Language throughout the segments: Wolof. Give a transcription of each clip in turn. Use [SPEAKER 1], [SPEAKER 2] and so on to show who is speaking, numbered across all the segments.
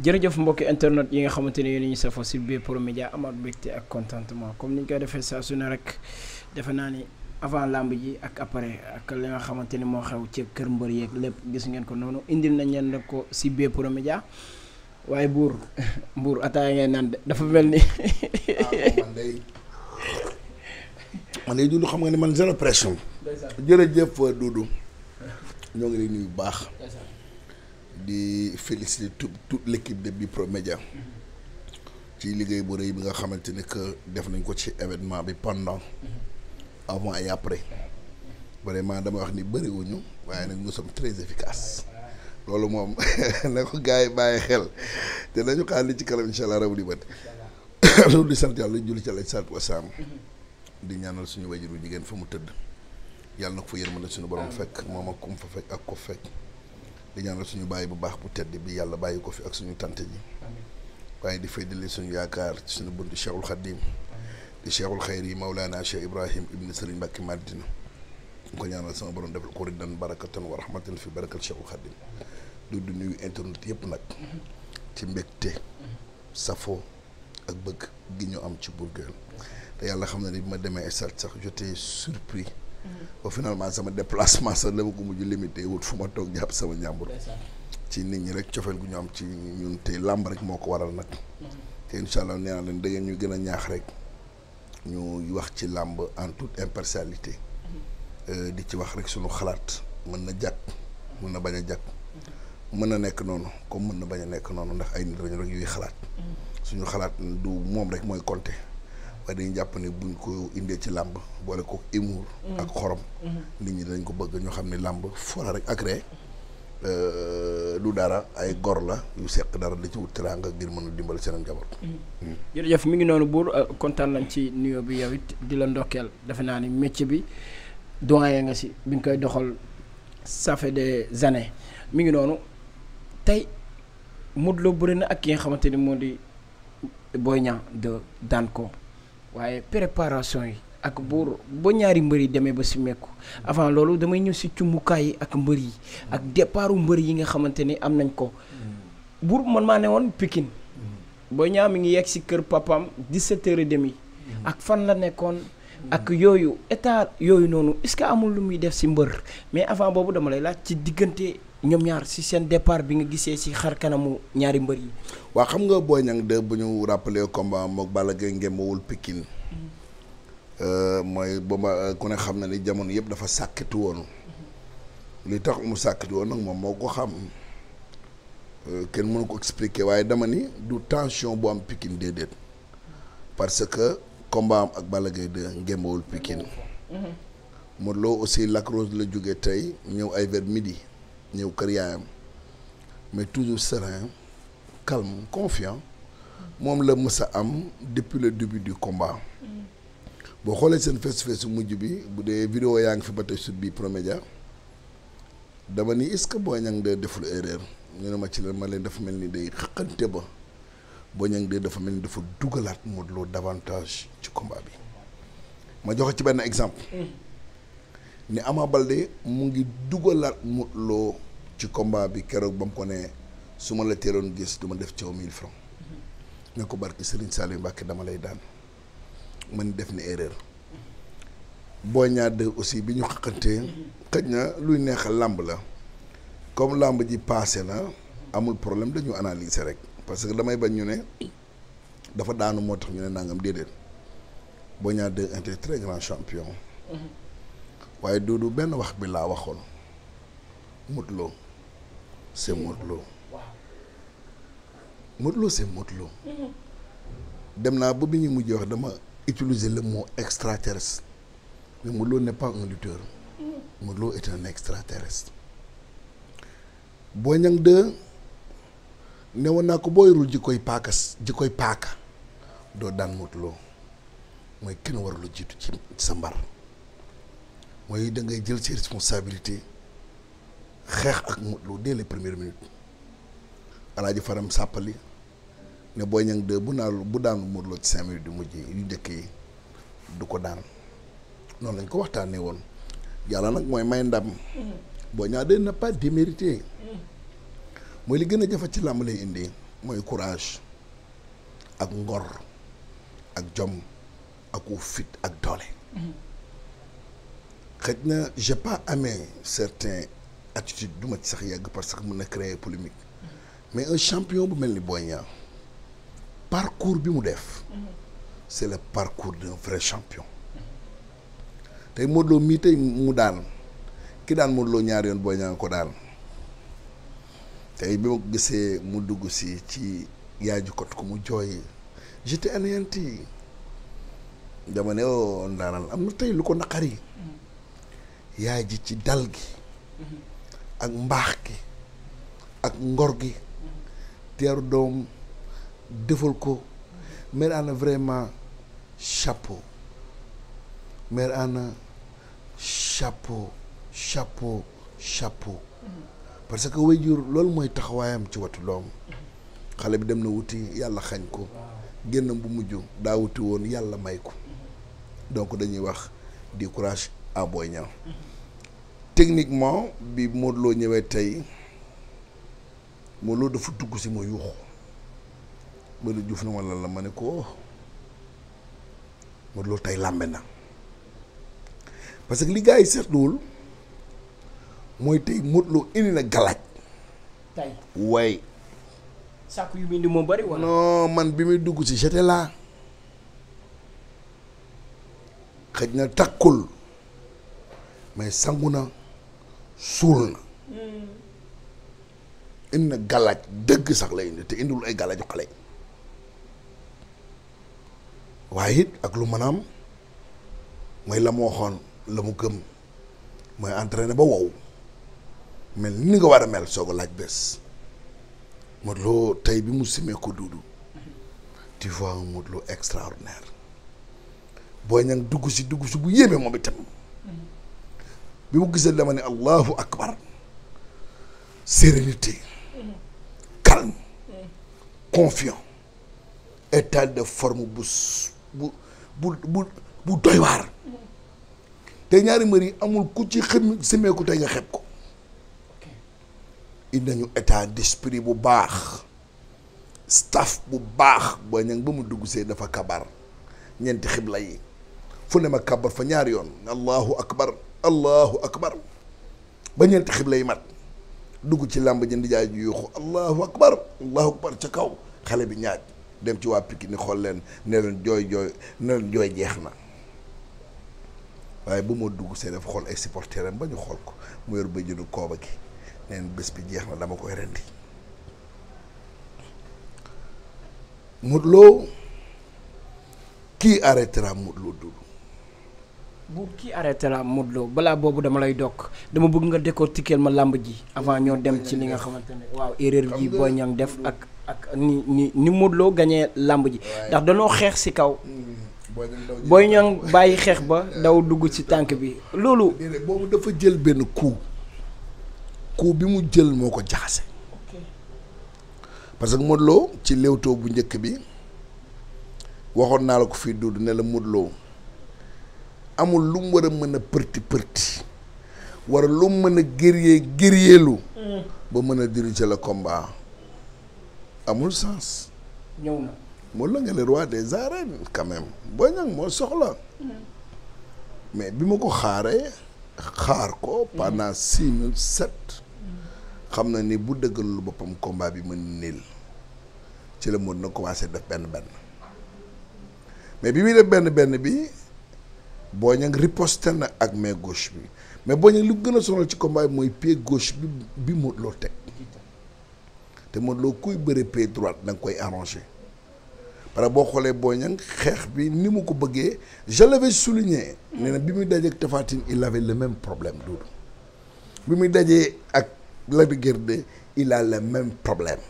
[SPEAKER 1] jërëjëf mbokki internet yi nga xamante ne yéen ñu safoo si biir Pro Média amaat mbégte ak contentement comme ni ñu koy defee saa su na rek defe naa ni avant làmb ji ak après ak li nga xamante ni moo xew ci kër mbër yeeg lépp gis ngeen ko noonu indil nañ leen rek ko si biir Pro Média waaye buur buur yi ngay naan dafa mel ni. man day man day Doudou xam nga ne man zéro pression. jërëjëf Doudou ñoo
[SPEAKER 2] ngi lay baax. di féliciter tout toute l'équipe de Bipromédia ci liggéey bu rëy bi nga xamante ni que def nañ ko ci événement bi pendant avant et après vraiment dama wax ni bëriwuñu waaye nag nous sommes très efficaces loolu moom na ko gars yi bàyyi xel te nañu xaar li ci kanam incha allah raw di bët loolu di sant yàlla julli ci àlaj di ñaanal suñu wajuru jigéen fa mu tëdd yàlla na ko fa yërmande suñu borom fekk moom ak kum fa fekk ak ko fekk di ñaanal suñu bàyyi bu baax bu tedd bi yàlla bàyyi ko fi ak suñu tante ji waaye di feddali suñu yaakaar ci suñu buntu Cheikhul Khadim di Cheikhul Xayr yi Maulana Cheikh Ibrahim ibni Sëriñ Mbàkke Madina mu ko ñaanal sama borom defal ko ridan barakatan wa rahmatan fi barakal Cheikhul Khadim du du nuyu internet yëpp nag ci mbégte safo ak bëgg gi ñu am ci Bour te yàlla xam na ni bi ma demee stade sax j'étais surpris ba finalement sama déplacement sax dama ko mujj limité wut fu ma toog jàpp sama njàmbur ci nit ñi rek cofeel gu ñu am ci ñun te làmb rek moo ko waral nag mhm. te incha allah nee leen da ngeen ñu gën a ñaax rek ñu wax ci làmb en toute impartialité mhm. euh, di ci wax rek suñu xalaat mën na jàkk mën na bañ a jàkk mhm. mën na nekk noonu comme mën na bañ a nekk noonu ndax ay nit rek yuy xalaat suñu xalaat du moom rek mooy compter ndax dañuy jàpp ne buñ ko indee ci làmb boole ko humour ak xorom nit ñi dañ ko bëgg ñu xam ne làmb foola rek ak ree euh, du dara ay gor la yu seq dara di ci wut teraanga ngir mën a dimbal seen njaboot.
[SPEAKER 1] jërëjëf mi ngi noonu buur euh, kontaan nañ ci nuyoo bi yow it di la ndokkeel defe naa ni métier bi doyen nga si bi nga koy doxal ça fait des années mi ngi noonu tey Modou Lo bëri na ak ki nga xamante ni moo di Boy Niang de daan ko. waaye préparation yi ak buur ba ñaari mbër yi demee ba si mekku avant loolu damay ñëw si cumbukaay yi ak mbër yi ak départu mbër yi nga xamante ni am nañ ko
[SPEAKER 3] mm.
[SPEAKER 1] buur man maa ne woon pikin mm. boo ñaa mi ngi yegg si kër papam 17 heures et demi mm. ak fan la nekkoon ak yooyu état yooyu noonu est-ce que amul lu muy def si mbër mais avant boobu dama lay laaj ci diggante ñoom ñaar si seen départ bi nga gisee si xar kanamu ñaari mbër yi. waaw xam nga
[SPEAKER 2] boo Niang 2 bu ñu rappelé combat moog Balla Gaye ngémmawul euh, mooy ba ma euh, ne xam na ni jamono yëpp dafa sàkkitu woon li tax mu sàkkitu woon nag moom moo ko xam euh, kenn mënu ko waaye dama ni du tension bu am Pikine que combat ak Balla Gaye 2 mm-hmm. aussi Lac Rose la jóge tey ñëw ay vers midi. ñëw kër yaayam mais toujours serein calme confiant moom la mës a am depuis le début du combat boo xoolee seen face à su mujj bi bu dee vidéo yaa ngi fi ba sut sur bi promédia dama ni est-ce que Boy Niang de deful erreur ñu ne ma ci leen ma leen dafa mel ni day xëqante ba boo Niang de dafa mel ni dafa dugalaat Modou Lo davantage ci combat bi ma joxe ci benn exemple. ne Ama Baldé mu ngi dugalaat mu loo ci combat bi keroog ba mu ko ne su ma la teeloon gis du ma def caw mille francs nga ko barke Serigne Saliou Mbacké dama lay daan man def ni erreur boo ñaar aussi bi ñu xaqantee xëj na luy neexal làmb la comme làmb ji passé na amul problème dañu analyser rek parce que damay bañ ñu ne dafa daanu moo tax ñu ne nangam déedéet boo ñaar de un très grand champion. waaye Doudou benn wax bi laa waxoon Modou Lo c'est Modou Lo Modou mm-hmm. dem naa ba bi ñuy mujjee wax dama utiliser le mot extraterrestre mais Modou Lo n'est pas un lutteur mm-hmm. Modou Lo est un extraterrestre Boy Niang naa ko boo yorul ji koy paakas ji koy paaka doo daan Modou mooy kenn warula jiitu ci sa mbar mooy da ngay jël ses responsabilités xeex ak Modou Lo dès les premières minutes alaaji Faram sàppali ne Boy Niang 2 bu naan bu daanu Modou Lo ci cinq minutes di mujj yu njëkk du ko daan noonu lañ ko waxtaanee woon yàlla nag mooy may ndam. Boy Niang 2 n'a pas démérité mooy li gën a jafe ci làmb indi mooy courage ak ngor ak jom ak wu fit ak doole. xëj na j'ai pas amee certains attitudes du ma ci sax yàgg parce que mën na créer polémique mais un champion bu mel ni Boy Niang parcours bi mu def c'est le parcours d'un vrai champion tey Modou Lo mii tey mu daan ki daan Modou Lo ñaari yoon Boy Niang ko daan tey bi ma gisee mu dugg si ci yaaju kot ko mu jooy j'étais yi dama ne oh, ndaanaan am na tey lu ko naqari yaay ji ci dal gi ak mbaax gi ak ngor gi teeru doom defal ko mère Anna vraiment chapeau mère Anna chapeau chapeau chapeau parce que waajur loolu mooy taxawaayam ci watu doom xale bi dem na wuti yàlla xañ ko génnam bu mujj daa wuti woon yàlla may ko donc dañuy wax di courage à Boy Niang techniquement bi Modou ñëwee tey Modou Lo dafa dugg si ma yuuxu ma ne na ma lan la ma ne ko Modou tey làmbe na parce que li gars yi seetluwul mooy tey Modou Lo indi na galaaj. waaye.
[SPEAKER 1] sàkk wala.
[SPEAKER 2] man bi muy dugg ci j'étais là xëj na takkul. mais sangu na suul na hmm. indi na gàllaaj dëgg sax la indi te indiwul ay gàllaaju xale waaye it ak lu mën a mooy la mu waxoon la mu gëm mooy entraîné ba wow mel ni nga war a mel soog a laaj bés Modou Lo tey bi mu simee ko duudu tu vois un Modou Lo extraordinaire booy ñang dugg si dugg si bu yéeme moom itam bi mu gisee dama ne allahu akbar sérénité calme confiant état de forme bu bu bu bu doy waar te ñaari mbër yi amul ku ci xëm semeeku tey nga xeeb ko indi nañu état d'esprit bu baax staff bu baax booy ñang ba mu dugg see dafa kabar ñeenti xibla yi fu ne ma kabar fa ñaari yoon allahu akbar allahu akbar ba ñeenti xibla yi mat dugg ci làmb jënd jaay ju yuuxu allahu akbar allahu akbar ca kaw xale bi ñaaj dem ci waa ni xool leen ne leen jooy jooy ne jooy jeex na waaye bu moo dugg see dafa xool ay supporters am ba ñu xool ko mu yor ba jënd kooba gi neen bés bi jeex na dama koy rendi Modou Lo kii arrêtera Modou Lo dul
[SPEAKER 1] bu kii arrêté la Modou balaa boobu dama lay dokk dama bëgg nga décortiquer ma làmb ji avant ñoo dem ci li nga xamante ne waaw erreur ji Boy Niang def ak ak ni ni ni Modou Lo gañee làmb ji ndax danoo xeex si kaw hmm, Boy Niang bàyyi xeex ba daw dugg ci tànk bi loolu boobu dafa jël benn coup coup
[SPEAKER 2] bi mu jël moo ko jaxase parce que Modou ci léewtoo bu njëkk bi waxoon naa la ko fii duud ne la Modou amul lu mu war a mën a përti përti war lu mu mën a guerrier guerrierlu ba mën a diriger la combat amul sens. ñëw na Modou Lo nga le roi des arènes quand même moo soxla. mais bi ma ko xaaree xaar ko pendant six mille sept xam na ni bu dëggalul boppam combat bi mën niil ci la Modou na commencé def benn benn mais bi muy def benn benn bi. Boy Niang riposté na ak mais gauche bi mais Boy Niang li gën a sonal ci combat bi mooy pied gauche bi bi Modou Lo teg te Modou Lo kuy bëre pied droite da nga koy arrangé parce boo xoolee Boy Niang xeex bi ni mu ko bëggee je l'avais souligné nee na bi muy dajee ak Tapha Tine il avait le même problème Doudou bi muy dajee ak Lac de Guiers il a le même problème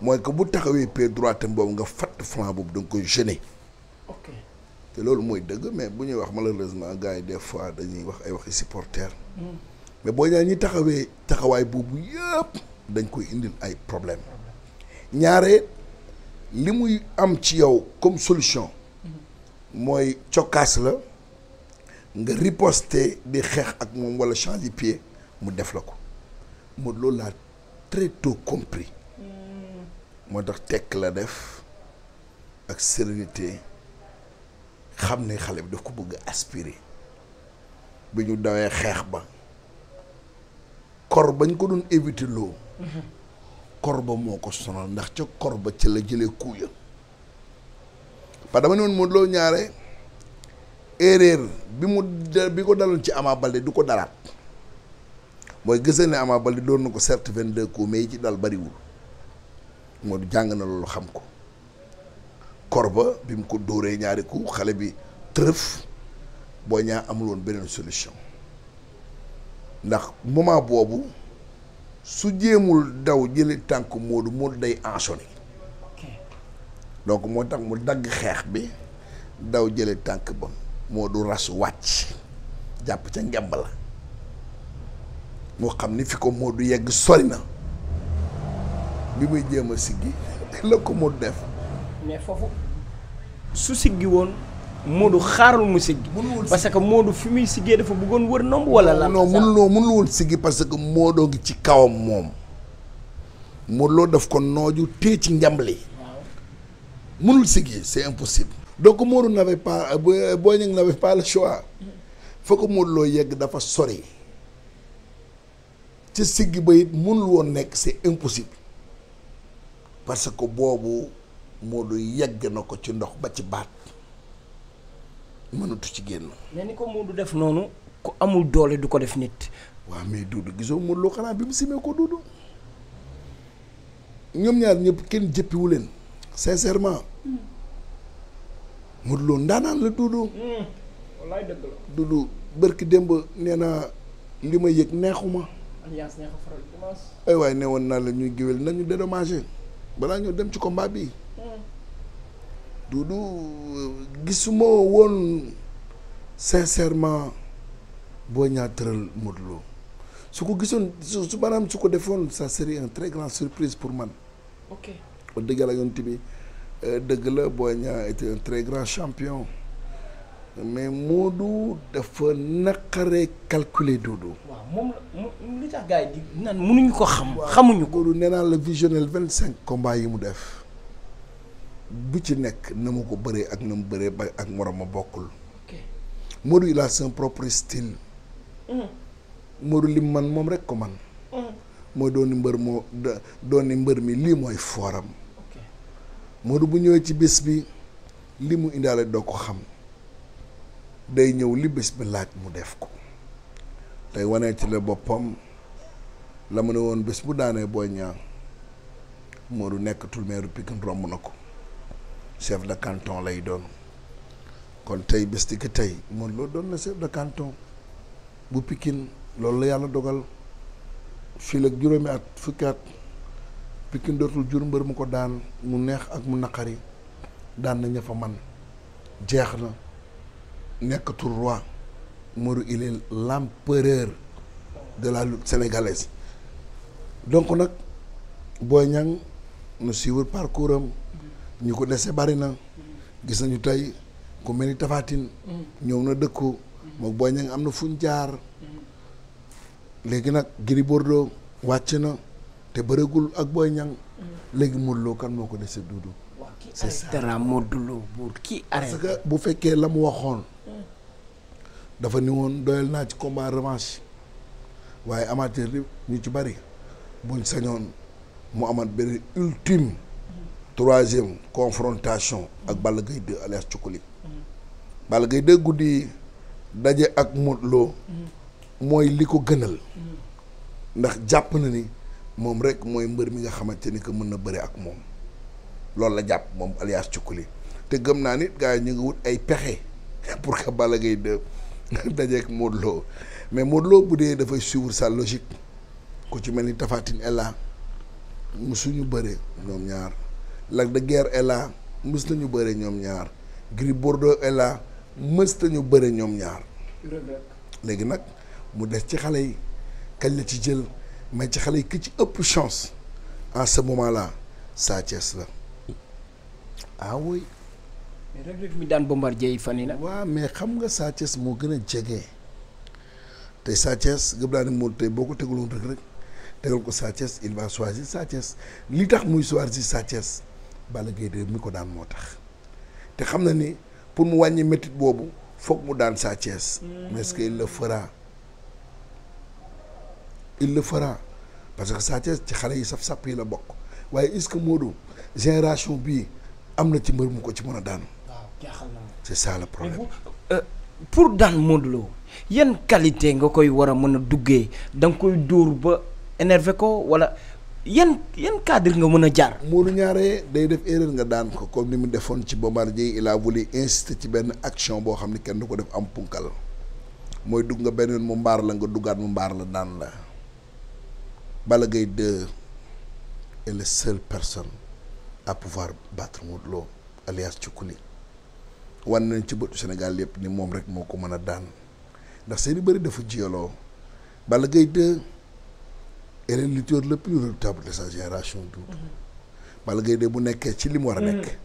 [SPEAKER 2] mooy que bu taxawee pied droite boobu nga fatt flanc boobu da nga koy gêner. te loolu mooy dëgg mais bu ñuy wax malheureusement gars yi des fois dañuy wax ay waxi supporter mm. mais boo ñaar ñi taxawee taxawaay boobu yëpp dañ koy indil ay problème ñaare li muy am ci yow comme solution
[SPEAKER 3] mm-hmm.
[SPEAKER 2] mooy cokkaas la nga riposter di xeex ak moom wala changer pied mu def la ko moo loolu laa très tôt compris
[SPEAKER 3] mm.
[SPEAKER 2] moo tax tekk la def ak sérénité xam ne xale bi daf ko bëgg aspirer bi ñu dawee xeex ba kor bañ ko doon éviter loo kor ba moo ko sonal ndax ca kor ba ca la jëlee kuuya parce dama ne woon Modou Lo ñaare erreur bi mu bi ko daloon ci Ama Baldé du ko dalaat mooy gisee ne Ama Baldé doon na ko certes vingt-deux coups mais yi ci dal bariwul Modou jàng na loolu xam ko korba bi mu ko dóoree ñaari coup xale bi tërëf boo ñaa amul woon beneen solution ndax moment boobu su jéemul daw jëli tànk Modou Modou day enchaîner donc moo tax mu dagg xeex bi daw jële tànk ba Modou ras wàcc jàpp ca ngemb la moo xam ni fi ko Modou yegg sori na bi muy jéem a siggi la ko Modou def
[SPEAKER 1] su siggi woon Modou xaarul mu siggi parce que Modou fi muy siggee dafa bëggoon wër nomb wala la non mënuloo
[SPEAKER 2] mënul woon siggi parce que Modou ngi ci kawam moom Modou Lo daf ko nooju téye ci njambli mënul siggi c'est impossible donc Modou n'avait pas euh, euh, Boy Niang n'avait ko Modou Lo yegg dafa sori ci siggi nekk c'est impossible parce que boobu Modou yegg na ko ci ndox ba ci baat mënatu ci génn.
[SPEAKER 1] mais ni ko Modou def noonu ku amul doole du ko def nit. waa mais Doudou gisoo Modou Lo xanaa bi mu simee ko Doudou ñoom ñaar ñëpp kenn jëppiwu leen
[SPEAKER 2] sincèrement Modou Lo ndaanaan la Doudou. Hmm, bërki démb nee naa li ma yëg neexuma. alliance neexa faral waaye ne woon naa la ñuy géwél nañu dédommagé balaa ñoo dem ci ko combat bi. Doudou gisuma woon sincèrement boo ñaa tëral Modou Lo su ko gisoon su maanaam su ko defoon ça serait un très grand surprise pour man. ok wax dëgg la yonent bi euh, dëgg la Boy Niang était un très grand champion mais Modou dafa naqaree calculer Doudou.
[SPEAKER 1] waaw moom li tax gars yi di
[SPEAKER 2] naan mënuñu ko xam. xamuñu ko Doudou nee naa la visionnel vingt cinq combats yi mu def. bu ci nekk na mu ko bëree ak na mu bëree ba ak morom ma bokkul. Modou il a son propre style. Mm. Modou lim man moom rek ko man. Mm. mooy dooni mbër moo dooni mbër mi lii mooy fooram. Modou bu ñëwee ci bis bi li mu indaale doo ko xam day ñëw li bés bi laaj mu def ko. tey wanee ci la boppam la mu ne woon bés bu daanee booy ñaan Modou nekkatul meeru Pikine romb na ko. chef de canton lay doon kon tey bés ki tey Modou Lo doon na chef de canton bu pikin loolu la yàlla dogal fii la juróomi at fukki at Pikine dootul jur mbër mu ko daan mu neex ak mu naqari daan na ña man jeex na nekkatul roi Modou il est l'empereur de la lutte sénégalaise donc nag Boy Niang nu suivre parcours am ñu ko dese bari na gis nañu tey ku mel ni tafaatin ñëw na dëkkoo mook Boy Niang am na fuñ jaar léegi nag Gris Bordeaux wàcc na te bëregul ak booy Niang léegi Modou Lo kan moo ko dese duudu
[SPEAKER 1] c'est ça kii parce que bu
[SPEAKER 2] fekkee la mu waxoon dafa ni woon doyal naa ci combat revanche waaye amateur bi ñu ci bari buñ sañoon mu amaat benn ultime troisième confrontation ak Balla Gaye 2 alias Cukkuli Balla Gaye 2 guddi daje ak Modou mooy li ko gënal ndax jàpp na ni moom rek mooy mbër mi nga xamante ni que mën na bëre ak moom loolu la jàpp moom alias li te gëm naa nit gars yi ñu ngi wut ay pexe pour que Balla Gaye 2 daje ak Modou mais Modou Lo bu dee dafay suivre sa logique ku ci mel ni Tapha Tine Ella mu suñu bëree ñoom ñaar Lac de Guiers ella là mës nañu bëre ñoom ñaar Gris Bordeaux est là nañu bëre ñoom ñaar. léegi nag mu des ci xale yi kañ la ci jël mais ci xale yi ki ci ëpp chance en ce moment là Sa la ah oui. mais fan yi nag. waaw mais xam nga Sa moo gën a jege te Sa Thiès gëm naa ne moo tey boo ko tegaloon Reug Reug tegal ko Sa Thiès il va choisir Sa li tax muy choisir Sa Balla Gaye 2 ko daan moo tax te xam na ni pour mu wàññi métit boobu foog mu daan Sa Thiès mais que il le fera il le fera parce que Sa ci xale yi saf sàpp yi la bokk waaye est-ce que Modou génération bii
[SPEAKER 1] am na ci mbër mu ko ci mën a daan c'est ça le problème euh, pour daan Modou yan qualité nga koy war a mën a duggee da nga koy dóor ba énervé ko wala yan yan cadre nga mën a jaar. Modou ñaare day def erreur nga
[SPEAKER 2] daan ko comme ni mu defoon ci Bombardier il a voulu insister ci benn action boo xam ne kenn du ko def am punkal mooy dugg nga benn yoon mu mbaar la nga duggaat mu mbaar la daan la bala gay 2 est la seule personne à pouvoir battre Modou Lo alias Cukkuli wan nañ ci bëtu senegal yëpp ni moom rek moo ko mën a daan ndax seen i bëri dafa jiyaloo Balla Gaye 2. est le lutteur le plus redoutable de sa génération tout Balla Gaye bu nekkee ci li mu war a mm. nekk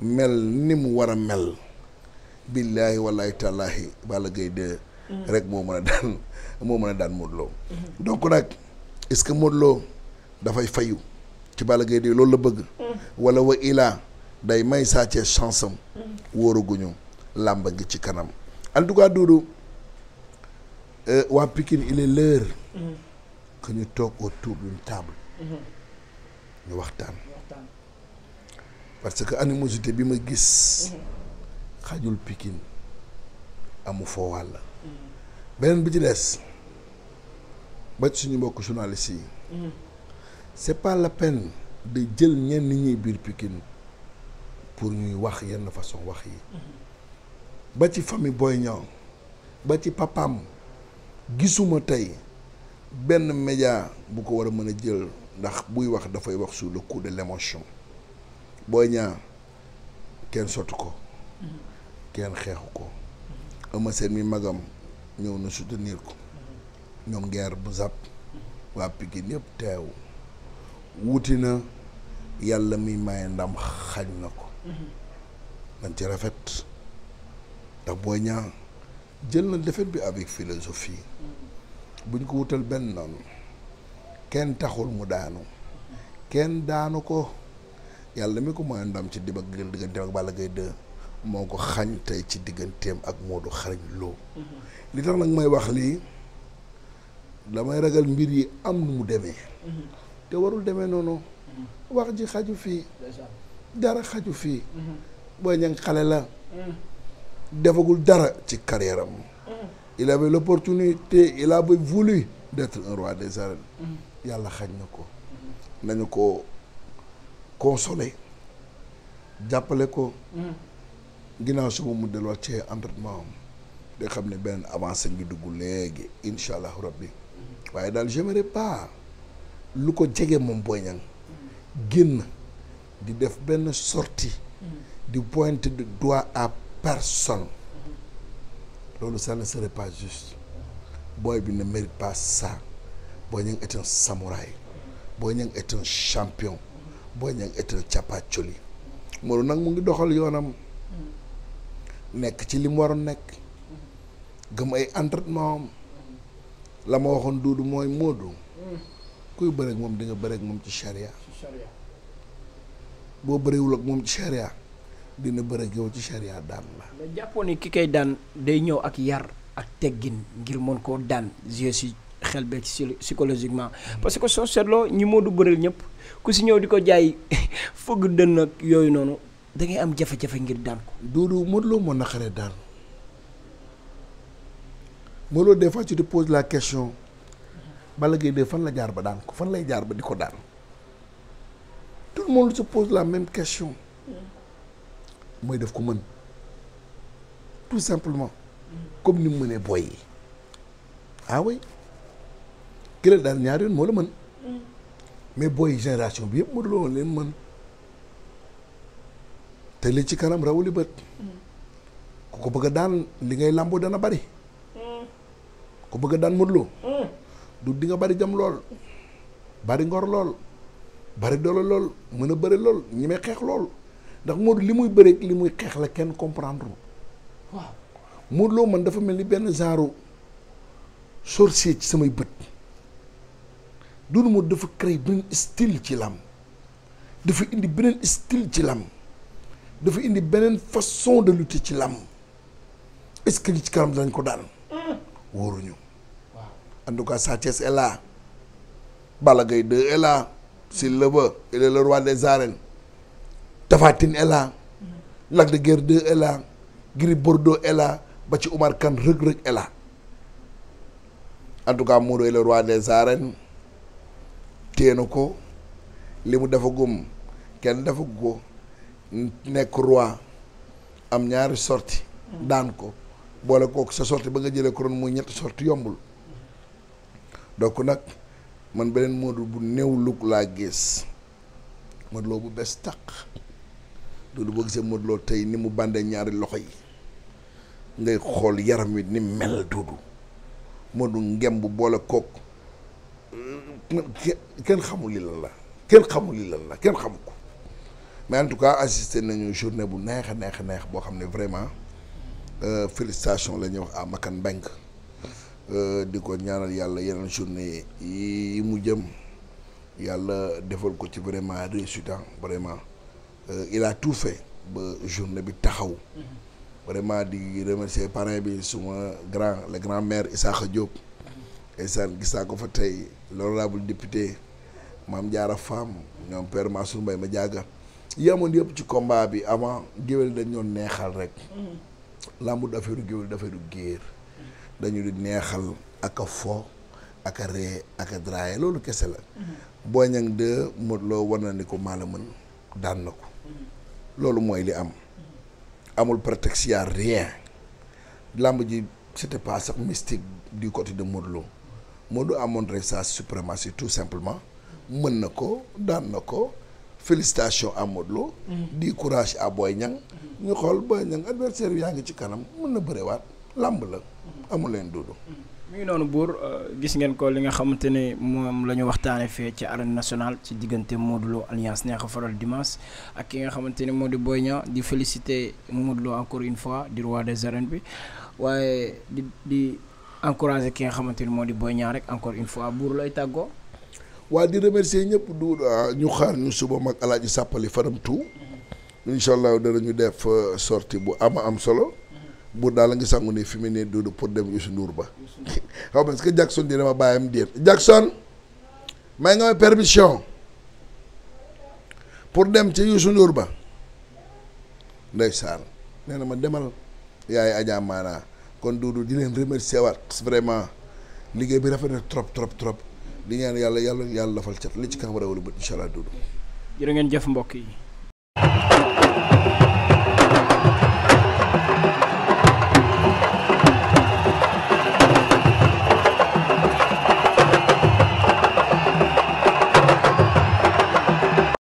[SPEAKER 2] mel ni mu war a mel billaahi wallaahi tallaahi Balla Gaye de mm. rek moo mën a daan moo mën a daan Modou Lo mm-hmm. nag est-ce que Modou dafay fayu ci Balla Gaye de loolu la bëgg mm. wala wa ilaa day may saacee chance am wóoruguñu làmba ngi ci kanam en tout cas Doudou euh, waa Pikine il est que ñu toog autour d'une table. Mhm. ñu waxtaan. parce que animosité bi ma gis. Mhm. xajul Pikine amu foo wàll. Mhm. beneen bi ci des ba suñu mbokk journaliste yi. c'est pas la peine de jël ñenn ñi biir Pikine pour ñuy wax yenn façon wax yi. ba ci famille booy Niang ba ci papaam gisuma tey. benn média bu ko war a mën a jël ndax buy wax dafay wax sur le coup de l'émotion Boy Niang kenn sotu ko kenn xeexu ko Eumeu Sène mi magam ñëw na soutenir ko ñoom guerre bu zàpp waa Pikine yëpp teew wuti na yàlla mi maye ndam xañ na ko dañ ci rafet ndax Boy Niang jël na défaite bi avec philosophie buñ ko wutal benn noonu kenn taxul mu daanu kenn daanu ko yàlla mi ko mooy ndam ci dib ak digganteem ak Balla Gaye 2 moo ko xañ tey ci digganteem ak Modou Xarañ Lo mm-hmm. li tax nag may wax lii damay ragal mbir yi am nu mu demee mm-hmm. te warul demee noonu mm-hmm. wax ji xaju fii dara xaju fii booy ñang xale la defagul dara ci carrière il avait l'opportunité il mm-hmm. yàlla xañ na ko nañu ko consoler jàppale ko mm-hmm. ginnaaw suba mu delluwaat ci entraînement am da xam ne benn avancé ngi dugg léegi incha rabbi mm-hmm. waaye daal j'aimerais pas lu ko jege moom Boy Niang génn di def benn sortie di pointer du doigt à personne loolu ça ne serait pas juste bi na mérite pas ça Boy Niang est un samouraï Boy Niang champion Boy Niang est un capacholi Modou nag mu ngi doxal yoonam nekk ci li mu waroon nekk gëm ay entraînement am la ma waxoon duudu mooy Modou kuy bëreeg moom di nga bëreeg moom ci charia boo bëreewul ak moom ci charia dina bëre yow ci charia daan la.
[SPEAKER 1] mais jàppoon ni ki koy daan day ñëw ak yar ak teggin ngir mën koo daan je suis xel beeg psychologiquement mm. parce que soo seetloo ñi moo du bëreel ñëpp ku si ñëw di ko jaay fëgg dënn ak yooyu noonu da ngay am jafe-jafe ngir daan ko. Doudou Modou Lo moo naqaree daan
[SPEAKER 2] Modou Lo des fois tu te la question Balla Gaye de fan la jaar ba daan ko fan lay jaar ba di ko daan tout le monde se pose la même question. mooy def ko mën tout simplement comme ni mu mënee boy yi ah oui kële daal ñaari yoon moo la mën mais booy génération bi yëpp Modou Lo leen mën te li ci kanam rawuli bët ku ko bëgg a daan li ngay làmboo dana bari ko bëgg a daan Modou Lo du di nga bari jam lool bari ngor lool bari doole lool mën a bëri lool ñi may xeex lool ndax Modou li muy bëreeg li muy xeex la kenn comprendre waaw Modou Lo man dafa mel ni benn genre sorcier ci samay bët Doudou Modou dafa créer beneen style ci lam dafa indi beneen style ci lam dafa indi beneen façon de lutter ci lam est-ce que li ci kanam dinañ ko daan wóoruñu waaw en tout cas Sa Thiès est là Balla Gaye 2 est là il est le roi des arènes Tapha Tine est là de Guiers 2 Bordeaux est ba ci Umar Kane Reug Reug est là en tout cas Modou est le roi des arènes téye ko li mu defagum kenn defagu ko nekk roi am ñaari sorti daan ko boole kooku sa sorti ba nga jëlee couronne muy ñetti sorti yombul donc nag man beneen Modou bu néew lug laa gis Modou bu bees tàq loolu boo gisee Modou Lo tey ni mu bàndee ñaari loxo yi ngay xool yaram wi ni mel duudu Modou bu boole kook kenn xamul li lan la kenn xamul li la kenn xamu ko mais en tout cas assisté nañu journée bu neex a neex neex boo xam ne vraiment euh, félicitation la ñuy wax à Makan Mbengue euh, di ko ñaaral yàlla yeneen journée yi mu jëm yàlla defal ko ci vraiment résultat vraiment Euh, il a tout fait ba journée bi taxaw. vraiment di remercier parrain bi suma grand le grand maire Issakha Diop. ndeysaan gis naa ko fa tey l'honorable député Mame Diarra Fam ñoom père Mansour ma jàgga yamoon yëpp ci combat bi avant géwél dañ doon neexal rek. lambu dafay géwél dafay du géer. dañu di neexal ak a fo ak ree ak a loolu kese la. Boy Niang 2 Modou war na ni ko maa mën daan na ko. loolu mooy li am amul prétexte y'a rien làmb ji c'était pas sax mystique du côté de Modou Lo amoon a montré sa suprématie tout simplement mën na ko daan na ko félicitations à Modou Lo mm-hmm. di courage a Boy Niang ñu xool Boy Niang adversaire bi yaa ngi ci kanam mën na bërewaat làmb la mm-hmm. amul leen duudu
[SPEAKER 1] mi ngi noonu buur euh, gis ngeen ko li nga xamante ne moom la ñu waxtaanee fee ci arène nationale ci diggante Modou Lo alliance neexa faral dimanche ak ki nga xamante ne moo di Boy Niang di féliciter Modou Lo encore une fois di roi de arènes bi waaye di di encourager ki nga xamante ne moo di Boy ñaar rek encore une fois buur lay tàggoo.
[SPEAKER 2] waa di remercier ñëpp du euh, ñu xaar ñu suba mag alaaji sàppali faram tout incha allah ñu def euh, sorti bu ama am solo. buur daal la ngi sangu ni fi mu ne Doudou pour dem Youssou Ndour ba xaw ma est-ce que Jackson dina ma bàyyam déet Jackson may nga ma permission pour dem ci Youssou Ndour ba ndeysaan nee na ma demal yaay Adja maanaa kon Doudou di leen remercier waat vraiment liggéey bi rafet na trop trop trop di ñaan yàlla yàlla
[SPEAKER 1] yàlla lafal cat li ci kanam rawal bët incha allah Doudou jërë ngeen jëf mbokk yi